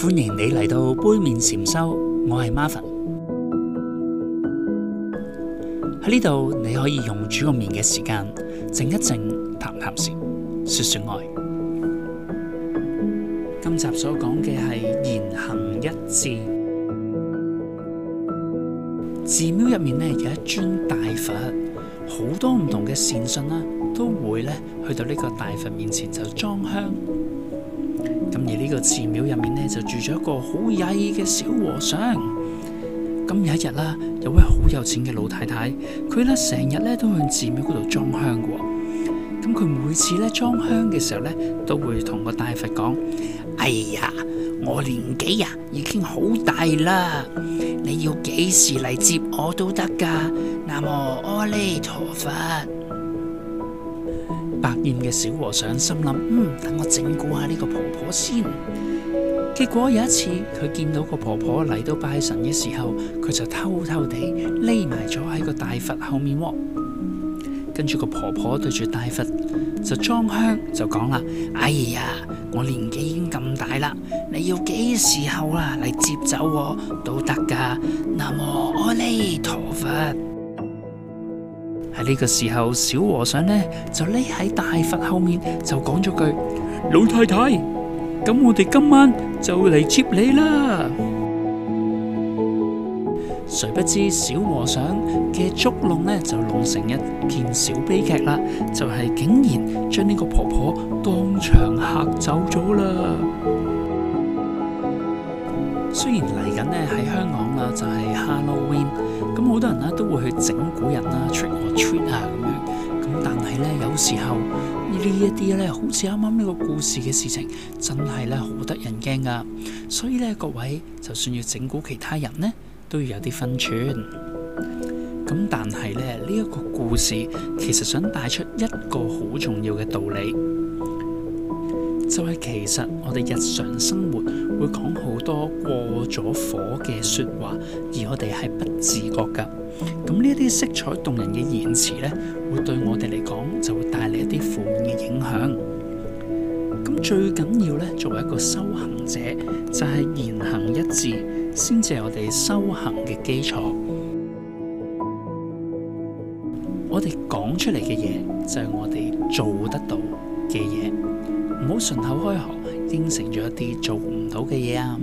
歡迎你嚟到杯麵禪修，我係 Marvin。喺呢度你可以用煮個麵嘅時間，靜一靜，談談笑，說說愛。今集所講嘅係言行一致。寺廟入面呢，有一尊大佛，好多唔同嘅善信啦、啊，都會呢去到呢個大佛面前就裝香。咁而呢個寺廟入面咧就住咗一個好曳嘅小和尚。咁有一日啦，有位好有錢嘅老太太，佢咧成日咧都向寺廟嗰度裝香嘅。咁佢每次咧裝香嘅時候咧，都會同個大佛講：「哎呀，我年紀啊已經好大啦，你要幾時嚟接我都得噶。南無阿彌陀佛。百厭嘅小和尚心諗：嗯，等我整蠱下呢個婆婆先。結果有一次，佢見到個婆婆嚟到拜神嘅時候，佢就偷偷地匿埋咗喺個大佛後面喎。跟、嗯、住個婆婆對住大佛就裝香就講啦：哎呀，我年紀已經咁大啦，你要幾時候啊嚟接走我都得噶。南無阿彌陀佛。喺呢個時候，小和尚呢就匿喺大佛後面，就講咗句：老太太，咁我哋今晚就嚟接你啦。誰不知小和尚嘅捉弄呢就弄成一件小悲劇啦，就係竟然將呢個婆婆當場吓走咗啦。雖然嚟緊咧喺香港啦，就係 Halloween，咁好多人咧都會去整蠱人啦，trick or treat 啊咁樣，咁但係呢，有時候呢一啲咧好似啱啱呢個故事嘅事情，真係咧好得人驚噶，所以呢，各位就算要整蠱其他人呢，都要有啲分寸。咁但係呢，呢一個故事其實想帶出一個好重要嘅道理。就係其實我哋日常生活會講好多過咗火嘅說話，而我哋係不自覺噶。咁呢啲色彩動人嘅言辭咧，會對我哋嚟講就會帶嚟一啲負面嘅影響。咁最緊要呢，作為一個修行者，就係言行一致，先至係我哋修行嘅基礎。我哋講出嚟嘅嘢，就係我哋做得到嘅嘢。唔好順口開河，應承咗一啲做唔到嘅嘢啊！